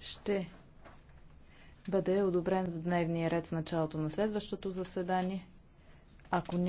ще бъде одобрен в дневния ред в началото на следващото заседание. Ако няма